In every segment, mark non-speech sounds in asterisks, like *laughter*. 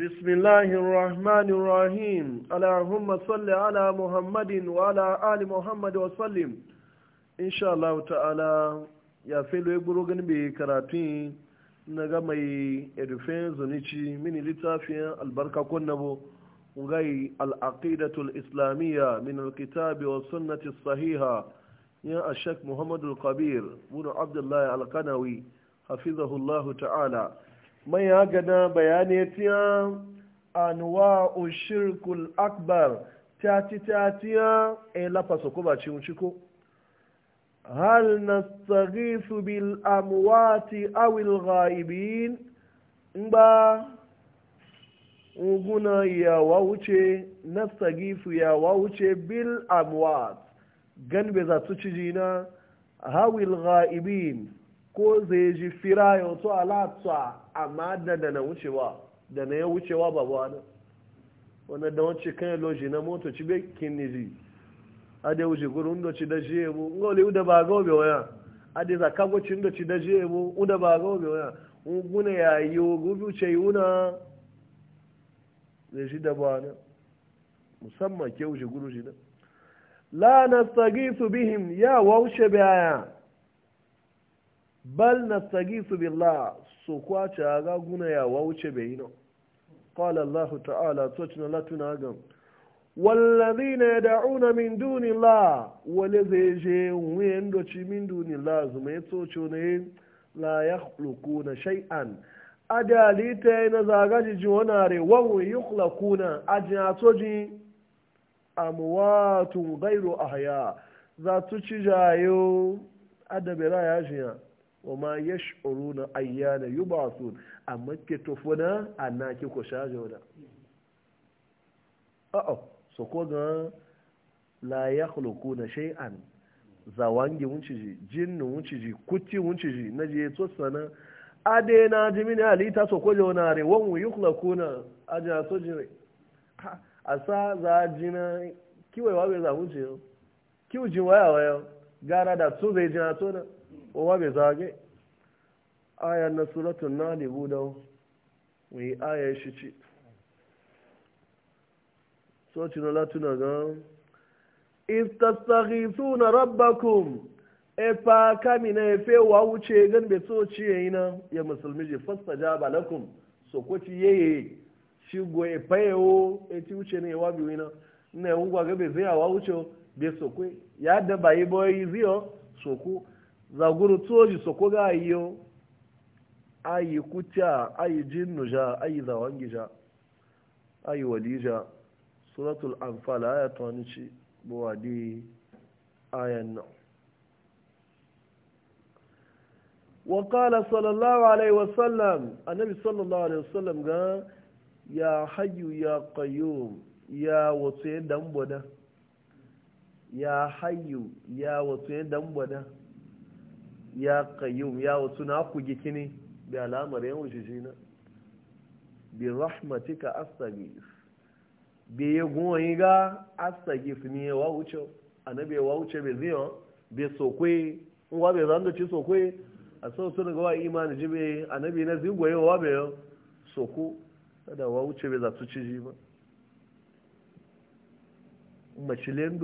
بسم الله الرحمن الرحيم اللهم صل على محمد وعلى آل محمد وسلم إن شاء الله تعالى يا فيلو يقولوا جنبي كراتين نغا مي ادفين زنيتي من لتافيا البركة كنبو وغاي العقيدة الإسلامية من الكتاب والسنة الصحيحة يا الشيخ محمد القبير بن عبد الله القنوي حفظه الله تعالى mai ya hagana bayanai tiya anuwa ushirkul akbar tati tatiya e lafasa ko ba cin ciko hal nastaghisu bil amwati aw al ghaibin ba uguna ya na nastaghisu ya wuce bil amwat gan be za su ci jina hawil ghaibin ko zai ji fira yanzu alatsa amma da da na wucewa da na ya wucewa ba ba wani wanda da wacce kan loji na moto ci bai kinni ji a da wuce gurin da ci da shi yabo in gaule uda ba ga obe waya a da zaka gocin da ci da shi yabo uda ba ga obe waya in gune ya yi o gudu ce yuna zai shi da ba wani musamman ke wuce gurin shi na la nastagisu bihim ya waushe baya bal nastagisu billah so kwace ga guna ya wauce bai no qala allah ta'ala tocina latuna gam والذين يدعون من دون الله ولذي وين دوتشي من دون الله زميتو تشونين لا يخلقون شيئا adalita na zagaji jiwonare wawu yukhlaquna ajnatoji amwatun ghayru ahya za tu cijayo adabira ya jiya wa ma yash'uruna ayyana yub'athun amma ke tofuna anna ke ko shaje wada a'a so ko ga la yakhluquna shay'an zawangi wunciji jinnu wunciji kutti wunciji na to sana ade na jimini alita so ko jona re wan yukhlaquna aja so jiri asaa za jina kiwe wawe za wunciji kiwe waya waya gara da so zai jina to na wa bai zage ayar na suratun na libu da mai ya shi ci so ci na latuna ga istastaghithuna rabbakum efa kamina efe wa wuce gan be so ci yayi na ya musulmi je fastajaba lakum so ko ci yeye shi go e payo e ti wuce ne wa bi wina na ngwa ga be zai wa wuce be so ko ya da bayi boyi zio so ko zaguru tsoji so ko ga yiyo ayi kuta ayi jinnu ja ayi zawangi ja ayi walija suratul anfal aya tonici bo wadi ayan na wa qala sallallahu alaihi wasallam annabi sallallahu alaihi wasallam ga ya hayyu ya qayyum ya wato dan boda ya hayyu ya wato dan boda ya qayyum ya wasu na ku gikini bi alamar yan wujiji na bi rahmatika astaghis bi ya goyi ga ni wa wuce annabi wa uche be ziyo be sokwe wa be zando ci sokwe a so sun ga wa jibe annabi na zigoye wa be soku da wa uche be za su ci ji ba macilen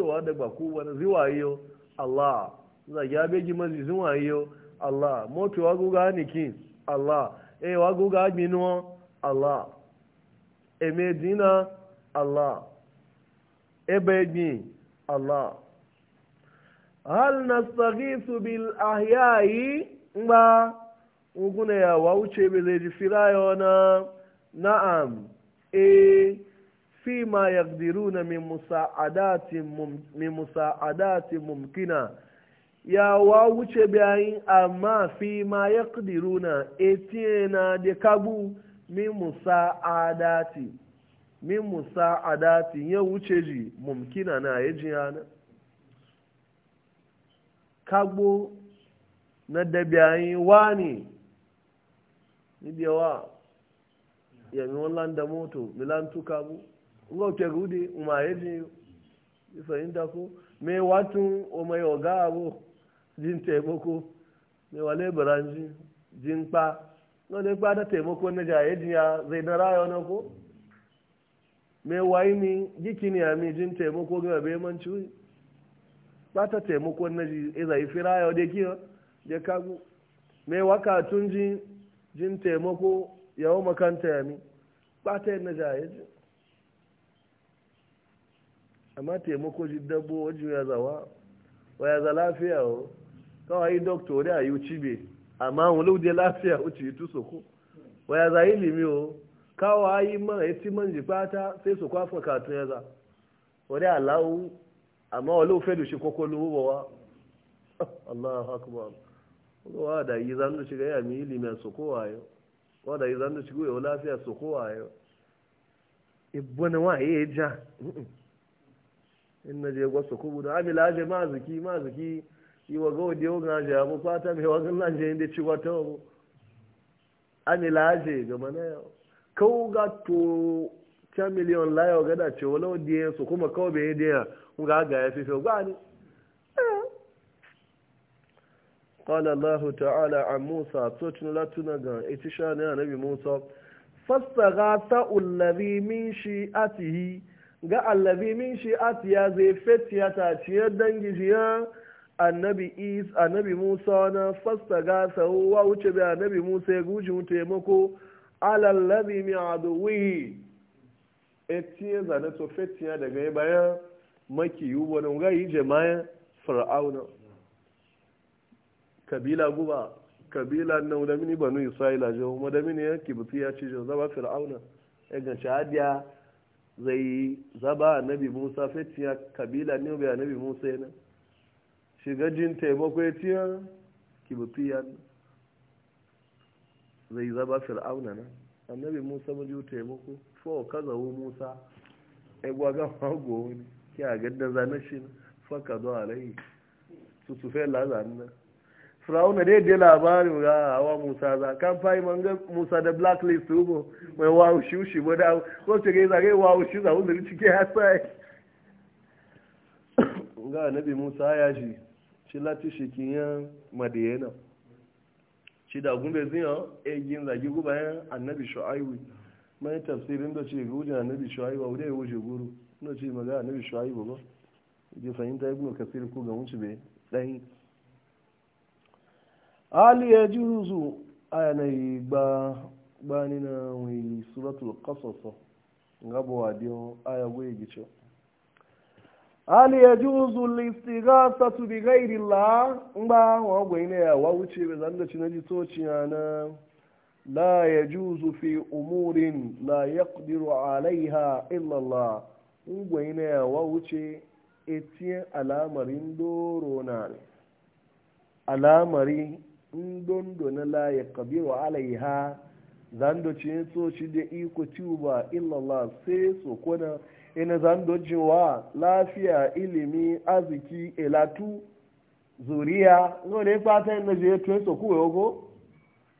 wa da ba ku wani Allah zagi abeji mazi zuwa iyo allah moto wagu ga niki allah e wagu ga gbinuwa allah emedina allah ebegbin allah hal nastaghisu bil ahyayi ngba ngune ya wauche beleji firayo na na'am e fima yaqdiruna min musa'adatin mum, min musa'adatin mumkina ya wa wuce bayan amma fi ma ya ƙudiruna na da kagbu mimusa adati mimusa adati ya wuce ji mumkina na ya ji yana kagbo na da bayan wani ya mi wannan da moto milantu tuka bu ke gudi ma ya ji isa yin ko mai watun o mai oga abu jin taimako mai wale biranji jin kpa wani kpa da taimako na jaye jiya zai na raya wani ko mai wayi ni jiki ne a mi jin taimako ga bai man ciwi ba ta taimako na ji iza yi fira yau da kiyo da kagu mai waka tun ji jin taimako yawo makanta ya mi ba ta yin na jaye ji amma taimako ji dabbo wajen ya zawa wa ya za lafiya wa. kawai doctor da ayu cibe amma wani de lafiya uci tu soko waya za limi o kawai man yati man jifata sai su kwafa katun za wani alawu amma wani ofe da shi kwakwalo wa *laughs* allah akbar wa da yi zan da shiga yami limi a sokowa yi wa da yi zan da shiga ya lafiya sokowa yau ibbana wa ya ja *laughs* in na je gwasa kubu da amila je maziki maziki kiwa ga wadi yau na ja bu fata mai wa nan je inda ci wata bu amila laje ga mana yau kau ga to ta miliyon la yau ga da ce wala wadi su kuma kau bai yi da ga ga ya fi fi gwani قال الله تعالى عن موسى توتن لا تنغا اتشان النبي موسى فاستغاث الذي من شيعته ga allabi min shi'ati ya zai fetiya ta ciyar dangi jiya annabi is annabi musa na fasta gasa wa wuce bi annabi musa ya guji mu taimako ladhi mi aduwi etiye zane to fetiya daga ya baya maki yi wani ga yi jama'a fir'auna kabila guba kabila na da mini banu isra'ila jo kuma da mini ya kibuti ya ci zaba fir'auna ya e ganci hadiya zai zaba annabi musa fetiya kabila ne bai annabi musa yana shiga jin taimako ya ciya ki bafi ya zai zaba fir'auna na annabi musa mu ji taimako fo ka zawo musa ya gwaga mago wani ki a gadda zane shi fa ka zo rai su su fai lazan na fir'auna dai dai labarin ga hawa musa za kan fayi ga musa da blacklist ubo mai wawu shi shi bo da ko ce gai zagai wawu shi a uzuri cike ya sai *coughs* ga annabi musa ya shi ci lati shikiyan madiyana ci da gumbe ziyan egin zagi gubayen annabi shu'aibu mai tafsirin da ce gujin annabi shu'aibu wadda ya wuce guru na ce maga annabi shu'aibu ba ji fahimta ibn kasir ko ga wuce bai ɗan ali ya ji ruzu a yanayi ba bani na wani suratul kasasa gabawa diyan aya hal ya ji uzul istigasa tu bi gairi la mba ba wa gwai ne ya wuce bai zan da ci na ji tociya na la ya ji uzu fi umurin la ya kudiru alaiha illallah in gwai ne ya wuce etiyan alamari ndoro na ne alamari ndondo na la ya kudiru alaiha zan da ci na toci da iko tuba illallah sai sokona ina zan dojewa lafiya ilimi arziki elatu zuriya no le fata na je to so ku yogo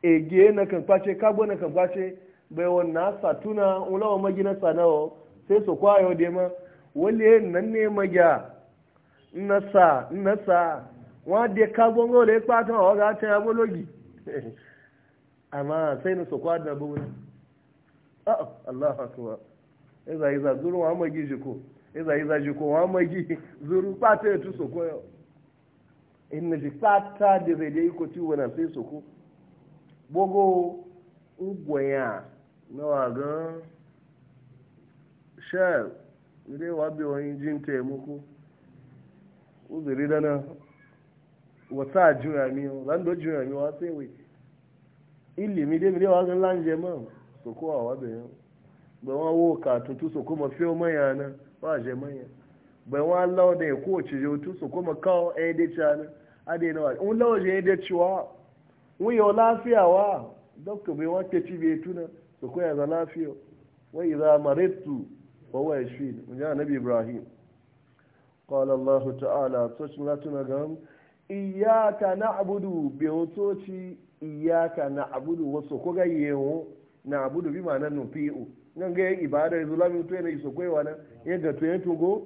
ege na kan kwace kabo na kan kwace bai wannan satuna ulawa magina sanawo sai so yo de ma wale nan ne magya nasa nasa wa de kabo no le fata o ga ta abologi amma *laughs* sai na so kwa da bu na a'a ah, Allahu akbar Eza iza zuru wa magi jiko iza iza jiko wa magi zuru kpata etu soko yau in na ji pata da zai na sai soko gbogbo ugwaya na waga shell ile wa bi wani jin taimako uzuri dana wata juya mi lan do juya mi wa Ili wai ilimi dai mi dai wa ga soko wa wa bai wa wo ka tutu su kuma manya na ba je manya ya kowace je tutu su kuma kawo a na a da nawa in wa in lafiya wa dokta bai wata ci tuna su koya za lafiya wa iza maritu wa shi in na ibrahim قال الله تعالى تشنا na إياك نعبد بهوتوتي إياك nan ga ibada da zulami to yana iso kwaiwa nan ya ga ya togo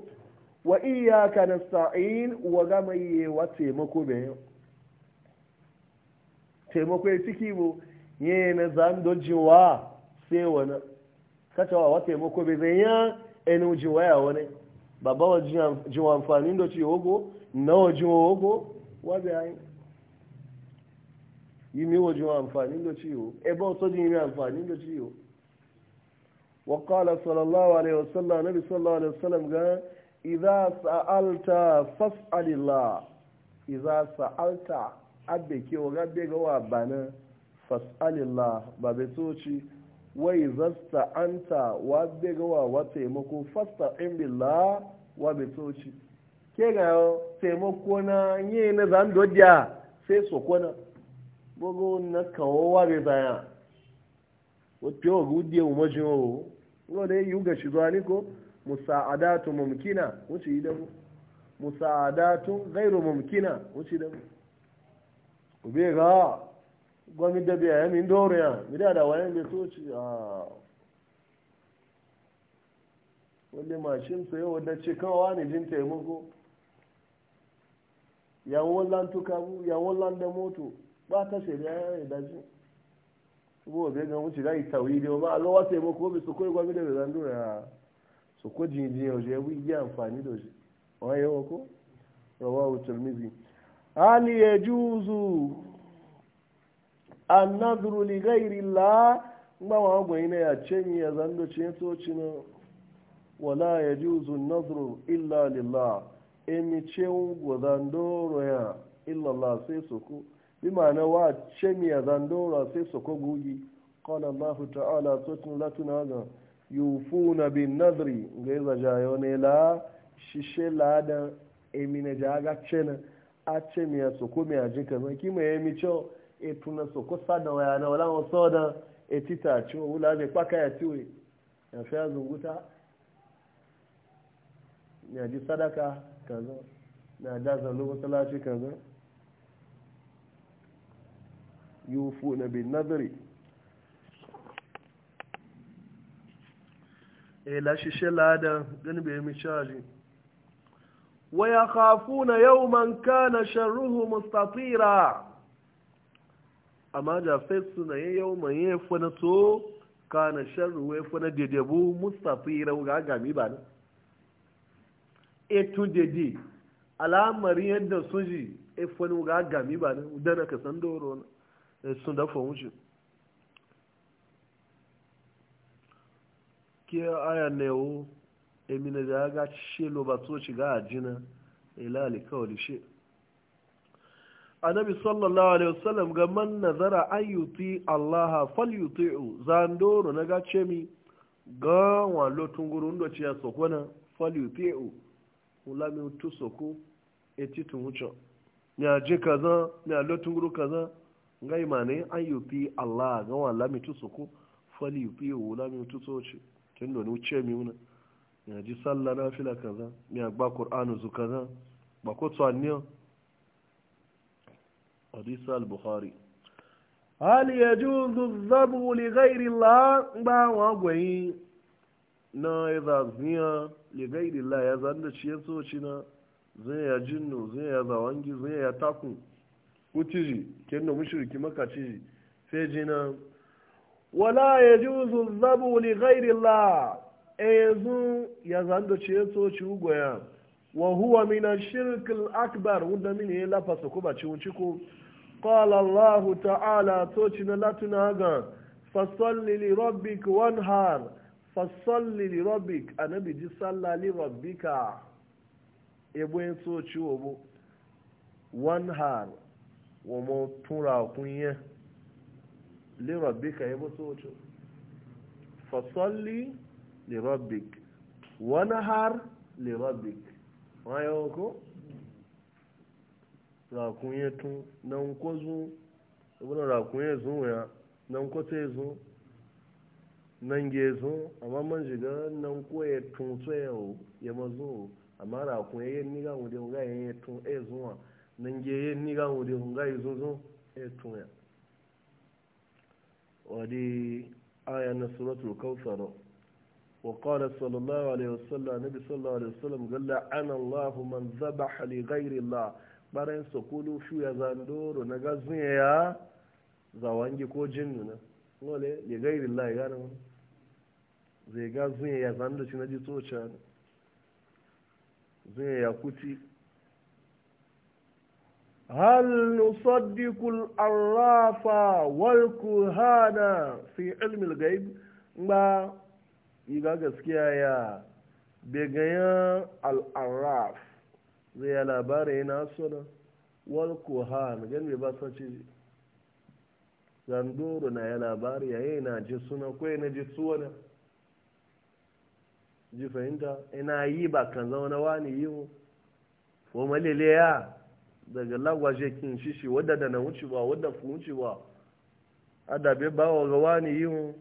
wa iyyaka nasta'in wa gama yi wa taimako be taimako ya ciki bo ye na zan sai wani kacewa wa taimako be zan ya enu jiwa ya wani baba wa jiwa amfani ndo ci ogo na wa jiwa ogo wa ayi yi wa jiwa amfani ndo ci o ebe ọtọ ji mi amfani o وقال صلى الله عليه وسلم نبي صلى الله عليه وسلم قال إذا سألت فاسأل الله إذا سألت أبك وغبك وابنا فاسأل الله بابتوشي وإذا استعنت وابك واتيمك فاستعن بالله وابتوشي kega taimako na yi na zan dodiya sai sokona bugu na kawo wa bai zaya wata yawa gudiyar umar jin wanda yi ga shi zuwa niko musa'adatu mumkina wuce yi damu musa'adatu gairu mumkina wuce damu ku bai ga gwamnati da biya ya min doro ya mi da wayan bai so ci a wani mashin sa yau wadda ce kawawa ne jin taimako yawon lantuka bu yawon landa moto ba ta shirya ya yi daji bo be ga mu ci dai tawhidi ma mi o je wi ya amfani da shi o ayo ko rawahu tirmidhi hal yajuzu an-nadru li ghayri allah ba wa gwa ina ya cenyi ya zan do cin to cin wala yajuzu an-nadru illa lillah emi cewu ya illa allah sai bi ma'ana wa shamiya zandora sai su ko gugi qala allah ta'ala sutun latuna ga na bin nadri ga yaza jayo ne la shishe ladan emina jaga cena a ce ya soko mi aji kaza kima mai yemi cho e tuna soko sada wa yana wala wa soda e tita cho wula je paka ya tiwe ya fa zunguta ya ji sadaka kaza na da zalo masallaci kaza yufuna bin nadri e la shishe lada gani bai mi caji wa yakhafuna yawman kana sharruhu mustatira amma da fesu na yi yawman yi fana to kana sharruhu ya fana dedebu mustatira ga gami ba na etu dede al'amarin yadda sun ji e fana ga ba na udana ka san doro na sun dafa wuce ki aya na yawo emina da ya gaci she lo so shiga a jina ilali kawai she anabi sallallahu alaihi wasallam ga man nazara an yuti allah fal yuti'u zandoro na gace mi ga walo um tunguru ndo um ciya sokona fal yuti'u ulami um tu soko etitun wucho ya je kaza nya lo tunguru kaza ngai mane an yufi Allah ga wala mi tuso ko fali yufi wala mi tuso ce kin do ni ce mi una ya ji sallah na fila kaza mi gba qur'anu zu kaza ba ko to anni hadith al-bukhari hal yajuzu adh-dhabu li ghayri Allah ba wa gwai na idza zia li ghayri Allah ya zanda ciye so na zai ya jinnu zai ya zawangi zai ya takun wuciji kenno mushriki maka ciji sai na. wala yajuzu zabu gairi la E! Yanzu. ya zando ce to ci ugoya wa huwa mina shirkul akbar wanda min ya e lafasa ko ba ci wunci ko qala Allah ta'ala to ci na latuna ga fasalli li rabbik wanhar fasalli li rabbik anabi ji salla li rabbika ebo en ci obo wanhar wa mo tura kunya li rabbika ya mutu wuce fasalli náà rabbik wa nahar li rabbik wa yau ko rakunye tun nan ko zu ibn rakunye zu nan ko nan ge amma man yẹn nan ko ya tun tsayo amma rakunye ya wọ́n ga wọ́n de yẹn ya ẹ̀ zún zuwa nangeye niga wode hunga e tunya wadi aya na suratul kawthar wa qala sallallahu alaihi wasallam nabi sallallahu alaihi wasallam galla ana allah man zabaha li ghairi allah barin sokulu shu ya zandoro na gazuye ya zawangi ko jinnu na wale li ghairi allah ya nan zai gazuye ya zandoro shi na ji tsocha zai ya kuti هل نصدق الأراف walkuhana في علم الغيب ما يغاغا سكيايا بغيا الأراف زي لاباري ناسونا والكهان غن بباساتي zandoro na ya labari ya yana ji suna ko yana ji suwana ji fahimta ina yi ba kan zauna wani yi ko malele ya daga lagwaje kin shishi wadda da na wuce ba wadda fi wuce ba adabe ba wa gawa ne yi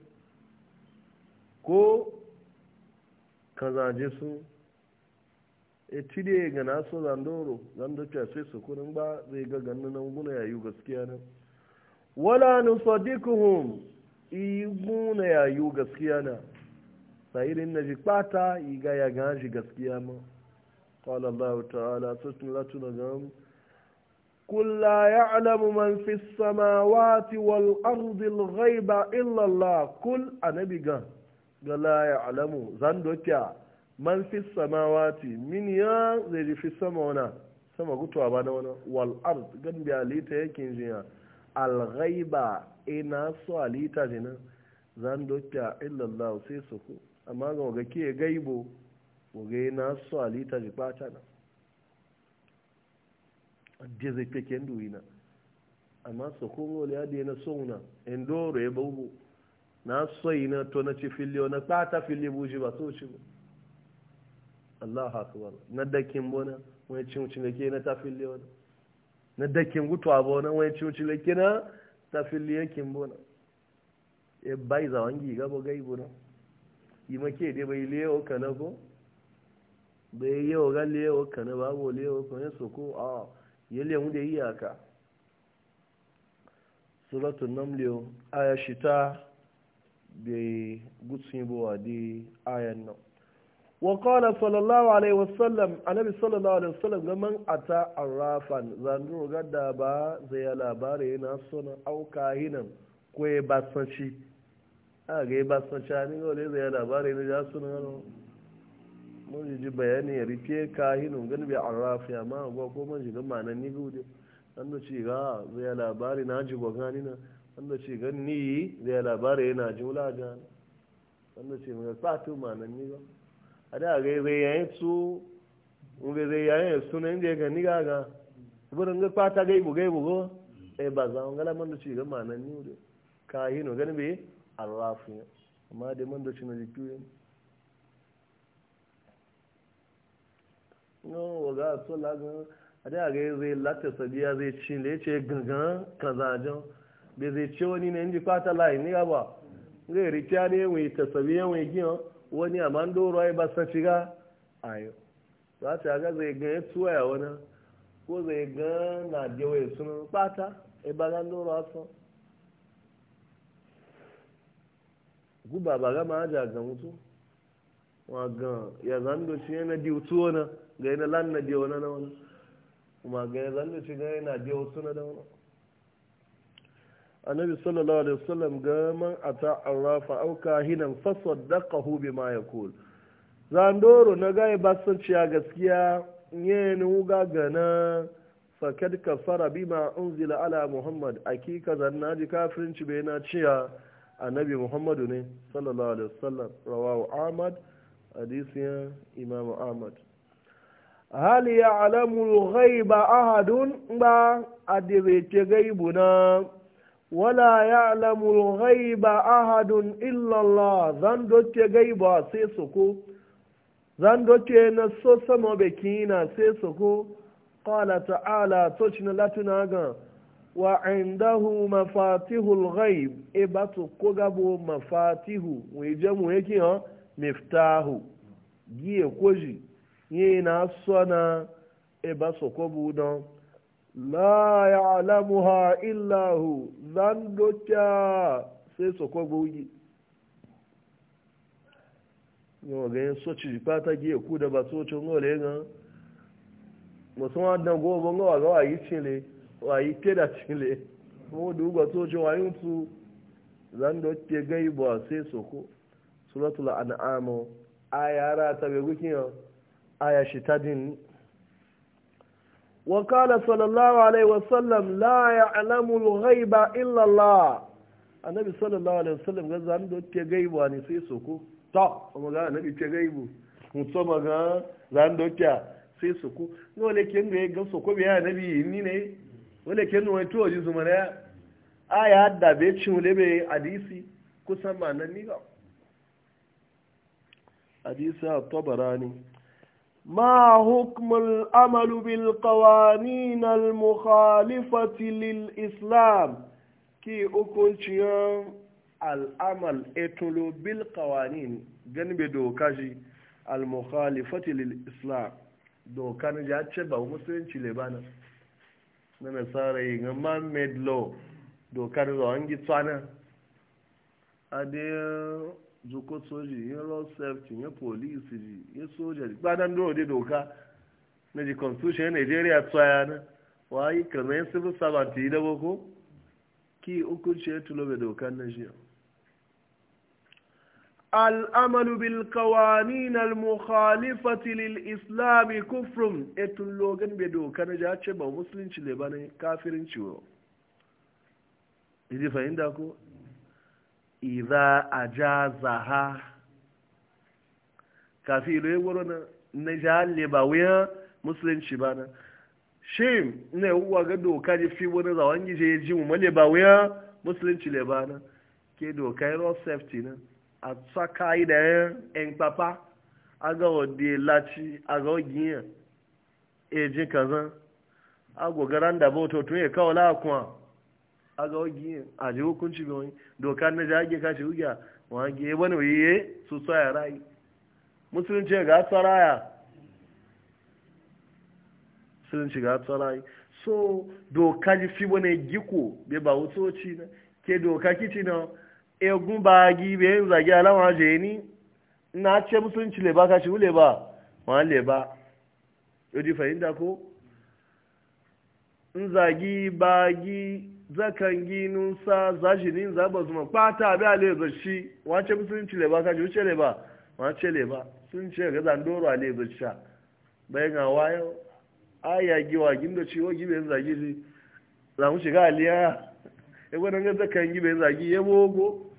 ko zaje su e tide ga na so zandoro zando sai su kunin ba zai ga ganin nan guna yayu gaskiya nan wala nusaddiquhum iguna yayu gaskiya na sayirin na ji kpata iga ya gaji gaskiya ma qala allah ta'ala sutun latuna gam قل لا يعلم من في السماوات والأرض الغيب إلا الله قل أنا بيغا لا يعلم زندوكا man fi samawati min ya zai fi sama wana sama gutuwa ba na wana wal ard gan bi alita yakin jiya al ghaiba ina so alita jina zan dokya illa sai su ku amma ga ke gaibo ga ina so alita ji pata da zai fake duwina amma sokongo ya adi na sauna endoro ya bugu na ina to na ci fili na kata fili buji ba so ci ba Allah akbar na dakin bona wani cin cin ke na ta filiyo na dakin gutu abona wani cin cin ke na ta ya kin bona e bai za wangi ga bo gai bona yi make dai bai leyo kana ko bai yi yau ga leyo kana ba bo leyo kana ne soko a ah. yele mu da iyaka suratul namlio aya shita bi gutsin bo adi aya no wa qala sallallahu alaihi wasallam annabi sallallahu alaihi wasallam ga man ata arrafan zandu gadda ba zai labare na sona au kahinan ko ya basanci a ga ya basanci ne ole zai labare ne da sona mun ji bayani ya rufe kahinun galibin arrafi amma agwa ko man shiga manan ni gudu an da ce ga zai labari na ji gwagani na an da ce gan ni zai labari yana jula jan an da ce mai satu manan ni ba a da ga zai yayin su in ga zai yayin su na inda ga ni ga ga burin ga kwata gai bu gai bu go eh ba za ngala man da ce ga manan ni gudu kahinun galibin arrafi amma da man da ce na jikiyoyi no waga so lagun ade aga zai latta sabiya zai ci da yace gangan kazajan be zai ci wani ne inji fata lai ni gaba ngai richa ne wai ta sabiya wai giyo wani amando roi ba sa shiga ayo za ta ga zai ga tuwa ya wana ko zai ga na dewe sun fata e ba ga ndoro aso guba ba ga ma ja ga mutu wagan ya zando shi yana di utu wani ga yana lan na di wani na wani kuma ga ya zando shi ga yana di utu na da wani annabi sallallahu alaihi wasallam ga man ata arrafa aw kahinan fa saddaqahu bima yaqul zandoro na ga ba san ciya gaskiya ne ni uga gana fakad kafara bima unzila ala muhammad akika zanna ji kafirin ci bai na ciya annabi muhammadu ne sallallahu alaihi wasallam rawahu ahmad hadisiyan imamu ahmad hali ya alamul ghaiba ahadun ba a direce gaibu na wala ya alamul ghaiba ahadun illallah zan doce a sai su ko zan doce na so sama bekina sai su ko qala ta'ala to shi na latuna ga wa indahu mafatihul ghaib ibatu e ba to mafatihu we jamu yake ha miftahu giye koji yi na sona e ba sokobu don la ya'lamuha illa hu zan a sai sokobu yi yau ga yin soci fata giye ku da ba socin gole ga musamman dan gobe ga keda cile mu duba suratul an'amu ayara ta be gukiyo aya shi shitadin wa qala sallallahu alaihi wa sallam la ya'lamu al-ghaiba illa Allah annabi sallallahu alaihi wa sallam ga zan do ke gaibu ani sai soko to kuma ga annabi ke gaibu mu to maga zan do ta sai soko no le ken ga ga soko bi annabi ni ne wale ken no to ji zumara aya da be chimule be hadisi kusan ma nan ni ga hadisi at-tabarani ma hukmu al-amal bil qawanin al-mukhalifati lil islam ki ukunciyan al-amal etulu bil qawanin ganbe dokaji al-mukhalifati lil islam dokan ja ce ba musulunci le bana na nasara yi ga man made dokar zo an gi tsana adiyo zuko soji yin road safety yin police ji yin soja ji gbadan doro de doka na ji constitution nigeria tsaya na wayi kamar yin civil servant yi dabo ko ki hukunci ya tulo bai doka na shi al'amalu bil kawanin al-mukhalifati lil islami kufrun etun logan bai doka na ja ce ba musulunci ne ba ne kafirin ciwo idi fahimta ko iza a ja zaha kafi iloyin wuro na na jahalle ba wuya musulunci ba na shi na uwa ga doka ne fi wani zawon gije ya ji mu male ba wuya musulunci le ba na ke doka yi road safety na a tsaka yi da yan yan papa a ga wadda laci a ga ogiyan ejin kazan a gogaran da bauta tun ya kawo la'akwa a ga wagi a ji hukunci bi wani doka na jage kashe wuya wage wani waye su tsaya rai musulunci ga tsaraya musulunci ga tsaraya so doka ji fi wani giko bai ba ci na ke doka kici na egun ba gi bai yin zage alama je ni na ce musulunci leba ba kashe wule ba wani leba. ba yau ji fahimta ko in zagi ba gi zakan ginin sa zashinin zaba zuma kwata abi ale zashi wace musulunci le ba kaji wuce le ba wace le ba sun ce ga zandoro ale zasha bai ga wayo aya giwa gindo ciwo gibe gi ji za mu shiga aliya ya gwanan ga zakan gibe zagi ya bogo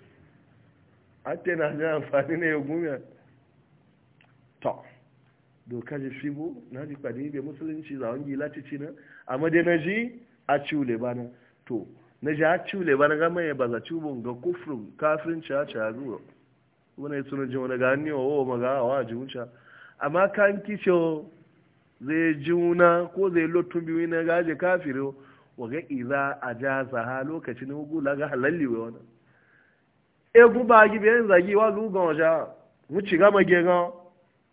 ate na ga amfani ne ya gumiya to doka ji fibo na ji kwadi be musulunci zawon gila ci na amma na ji a ciwo le ba na to na ja cule ba na gama ya baza za cubun ga kufrin kafin ca ca ruwa wani suna ji wani gani oh, oh, wa wawa maga a wa jiwuca amma kan kice oh, zai jiwuna ko zai lotun biyu na gaje kafiri wa ga iza a ja zaha lokacin hugula ga halalli wa wani e guba gi bayan zagi wa lugan waja wuci gama gega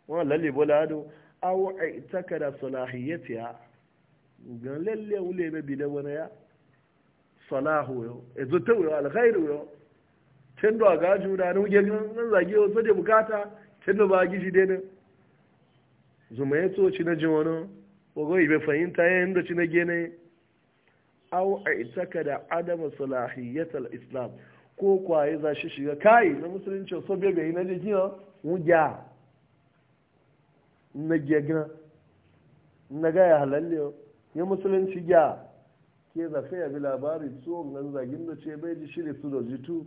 wa lalle bolado aw aitakada salahiyatiha gan lalle ule be bidan wani ya salahu yo ezote yo alkhairu yo tendo aga juna no je nan zage yo sai bukata tendo ba gishi ne zuma ya ci na jiwono ogo ibe fahimta yin da ci na gene aw itaka da adam salahiyat al-islam ko kwaye za shi shiga kai na musulunci so bebe na je kiyo wuja na gegna na ga ya halalle yo ya musulunci ya ke zafe ya bi labari tsohon nan zagin da ce bai ji shiri su da jitu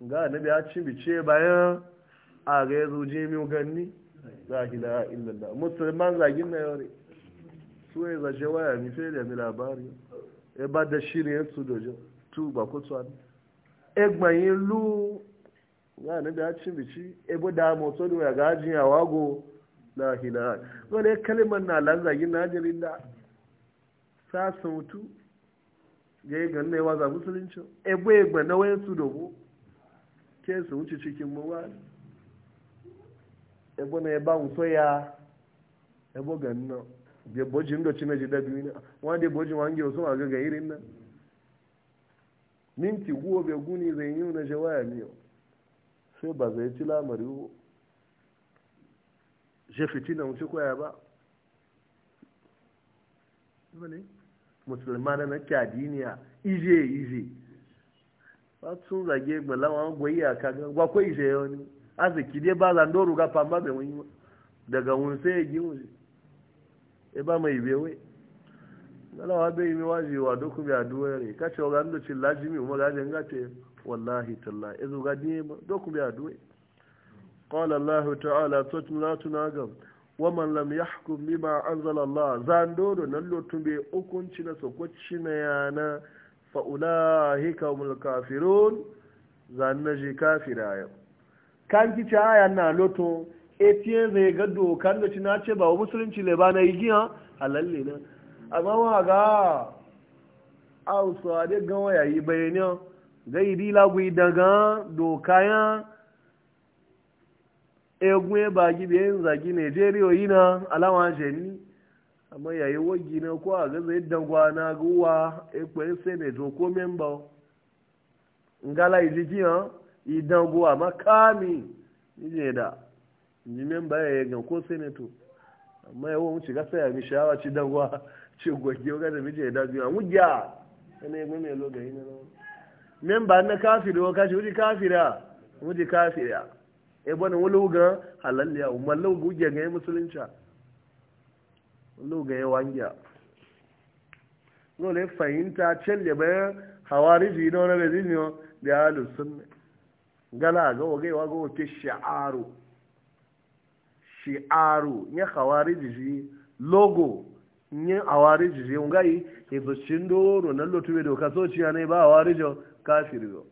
ga na biya ci bice bayan a ga ya zo je miyu ganni za ki da illallah musulman zagin na yare su ya zace waya mi fe da mi labari ya e ba da shiri ya su da jitu ba ku tsuwa ne egbanyin lu ga na biya ci e bici ebo da motsa da ya gajin ya wago la ilaha wani kalimar na lan zagin na jirin da sa sautu ga yi ganin yawa za musulunci ebo egbe na wayan su dogo ke su wuce cikin mawa na yaba nso ya ebo ganin na je boji ndo cina ji da na wani da boji wani na minti guwa bai na jawaya ne je musulmana na kyadiniya ije ije ba sun zage gbalawa gwai a kaga gwakwai ije ya wani arziki dai ba zan doru ga pamba bai wani daga wunse ya gi wunse e ba mai bewe galawa bai mi waje wa doku bi aduwa ne kace wa gando cin lajimi umar gajin gace wallahi talla izu ga dinye ma doku bi aduwa qala allah ta'ala tatmuna tunagam waman lam yahkum bima anzala Allah zan dodo nan lotun be hukunci na sokoci na yana fa ulaika humul kafirun zan na je kafira ya kan ki ta aya na loto etien zai ga dokan da na ce ba musulunci le ba na igiya halalle na amma wa ga a usade gan yi bayani ga idi daga dokaya egun ba gibi yin zagi nigeria yi na alama Jeni amma yayi wagi na ko a gaza yadda na guwa ekpe senator ko memba ngala ijiki ha idan guwa makami nije da ji memba ya yi ko senator amma yawon wuce gasa ya mi shawa ci dan guwa ci gwagi waga da mije da biyu a mugya yana yi mai loga yi na memba na kafiri wa kashi wuce kafira wuce kafira e eh, bana wulu ga halal ya umman lu guje ga musulunci lu ga n'o dole fahimta celle bayan hawariji na wani rezinio da ya lusun gala ga wa ga wake shi'aru shi'aru ya hawariji ji logo nye hawariji ji ngai izo cin doro na lotuwe doka sociya ne ba hawarijo kafir yau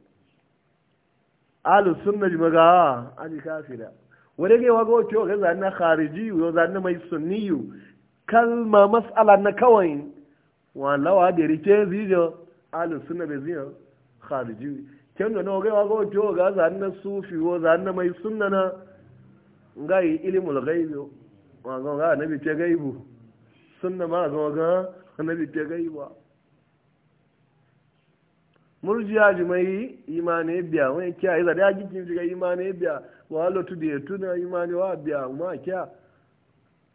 alu sunna ji maga ali kafira wani ne wago to ga zan na khariji yo zan na mai sunniyu kalma mas'ala na kawai walawa da rike zijo alu sunna be zijo khariji ken da no ga wago to ga zan na sufi yo zan na mai sunna na ngai ilimul ghaibi wago ga nabi te gaibu sunna ma ga ga nabi te gaibu murjiya ji mai biya wani kya iza da ya gikin shiga biya wa halittu da ya tuna imani wa biya ma kya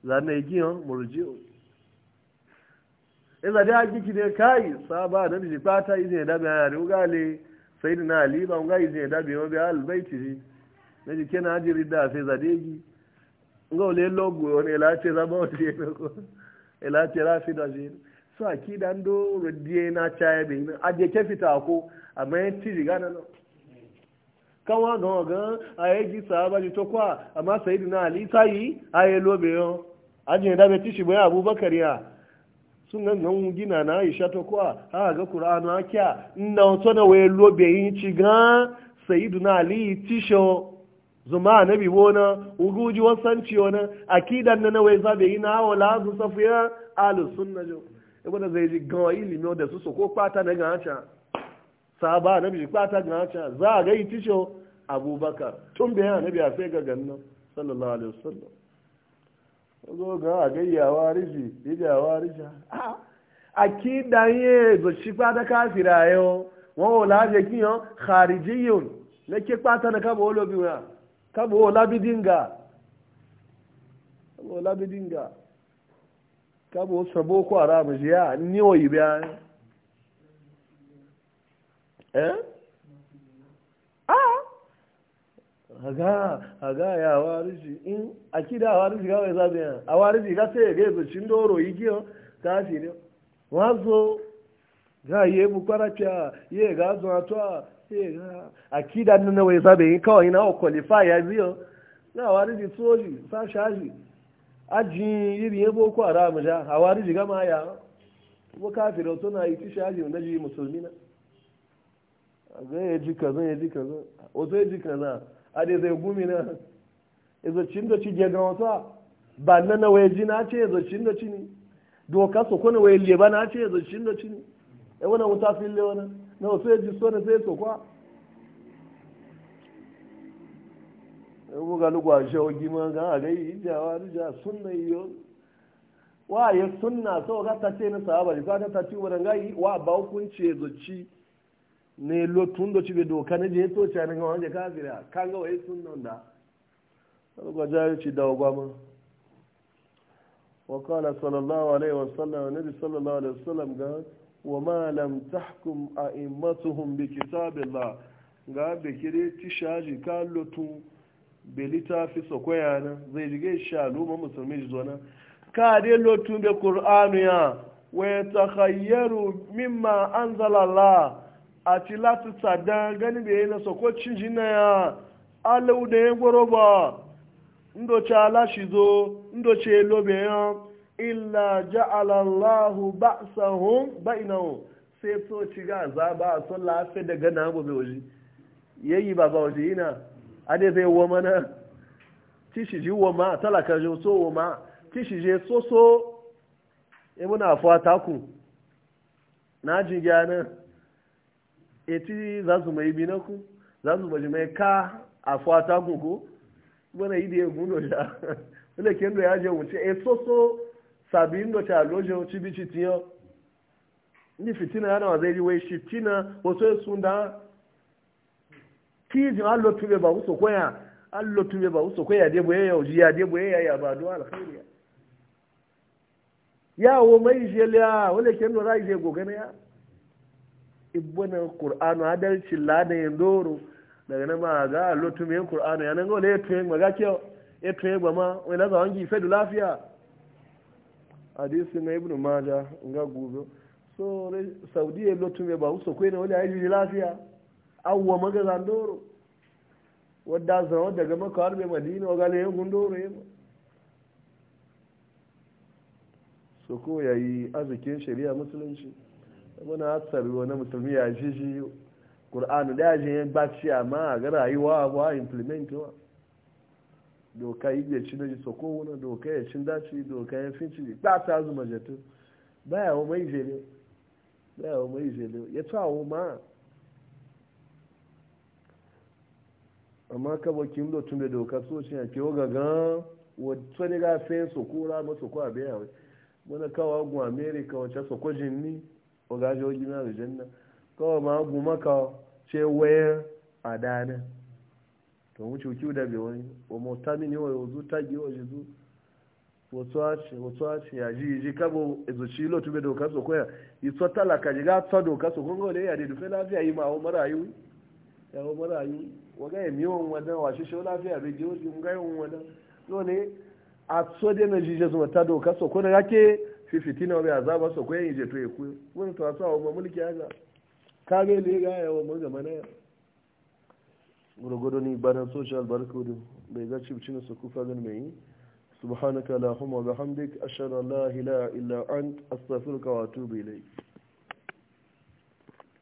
zane yi giyan murjiyo iza da ya ne kai saba na biji fata izin ya dabe yana ruga sai da na aliba nga izin ya dabe wa biya albaiti ne na ji kena ajiri da sai zade gi nga wale logo wani ilace zama wani *laughs* ilace rafi da shi su aki da ndo na caya bai nan aje ke fita ko amma yan ci riga na nan kan gan a yi ji sahaba ji to kwa amma sayidu na ali ta yi a yi lobe yon aje bai bai abubakar ya sun gan gan gina na aisha to kwa ha ga qur'anu akiya wato na waye lobe yin ci gan sayidu na ali zuma na uguji akidan na na zabe yi na safiya na jo ibada zai ji gawa ilimi da su so ko pata na gancha saba nabi pata gancha za a ga abubakar tun bayan nabi a sai ga gannan sallallahu alaihi wasallam zo ga a gayyawa riji ijawa rija a ah, kabo sabo ko ara mu ya ni o yi biya eh ah haga haga ya wariji in akida wariji ga wai zabe a wariji ga sai ga zo cin doro yigiyo ka ni ne wazo ga ye mu kwaracha ye ga zo atwa ye ga akida nuna wai zabe kawai na o qualify ya biyo na wariji soji sa shaji aji iri ya boko haram ja hawari jiga gama ya wa kafirin suna yi tishi aji na ji musulmi na zai ya ji kaza ya ji kaza wato ya ji kaza a dai zai gumi na izocin da ci gega wata ba na na waye ji na ce izocin da ci ne doka so kone waye leba na ce izocin da ci ne ya wani wuta fili na wasu ya ji so na sai e so kwa yau ga lugwa gima ga a gai ijawa rija sunna iyo wa ya sunna so ga ta ce na sahaba ga ta ta ci wa ga wa ba hukunci zoci ne lotun do ci be doka ne je to ci ne ga wanda kafira kan ga wai sunna da ga ci da gwama وقال صلى الله alaihi wa النبي ga الله عليه ka belita ta fi sokoya na zai jige shalu al'umma musulmi zuwa na ka dai lotun da qur'anu ya wa yatakhayyaru mimma an zalala a ti lati tsada gani bai na soko cinjina ya alau da ya gwaro ba ndoce alashi zo ndoce ce lobe ya illa ja'ala Allahu ba'sahum bainahum sai so ci ga azaba a so sai daga na gobe waje yayi baba waje ina ade zai wo mana tishiji wo ma talaka jo so wo ma tishije so so e muna fata ku na ji gana eti za su mai bi na ku za su baji mai ka a fata ku ko mana yi da ya gundo sha wanda *laughs* ke ndo ya je wuce e so so sabi ndo ta lojo cibi citiyo ni fitina yana wa zai ji wai fitina wasu sun da tijin an lotube ba wuso koya an lotube ba wuso koya dai boye ya uji ya dai boye ya ya ba do alkhairi ya wo mai jeliya wala ken no rai je gogana ya ibwana qur'anu adalci lada ya doro daga na ma ga me qur'anu ya nan go le tuye ma ga ke e tuye ba ma na za wangi fedu lafiya hadisi na ibnu maja nga gubo so saudiya me ba wuso koya wala ya ji lafiya awwa maga zan doro wadda zama daga maka mai madina wa gane yankun doro ya ma so ko ya yi arzikin shari'a musulunci muna hatsari wani musulmi ya shi shi ƙur'anu da yajin yan baci amma a ga rayuwa wa implement wa doka yi ya ci na ji so ko wani doka ya cin daci doka ya fi ci ba ta zuma jatu baya wa mai jele baya wa mai ya ma amma kaba kin do tumbe doka so shi ya ke ga ga wato ne ga sai so kura ma so kwa be yawe muna kawo gu america wace so ko ni o ga jo gina da janna kawo ma gu maka ce waya adana to mu ci da be wani o mo tamini o zu gi o jizu wotsoace wotsoace ya ji ji kabo ezo lo tumbe doka so ko ya itso talaka ji ga tsodo ka so ko ngole ya de du fe lafiya yi ma o yi. ya o waga ya miwon wadda wa shi shau lafiya bai ji wajen gayon wadda no ne a so dai na jije zuma ta doka so kuna yake fifiti na bai azaba so ko yin je to ya ku wani to asa wa mulki haka ka ga le ga ya wa mun gama na gurgudu ni bana social barkudu bai ga cibcin su kufa gan mai سبحانك اللهم وبحمدك أشهد أن لا إله إلا أنت أستغفرك وأتوب إليك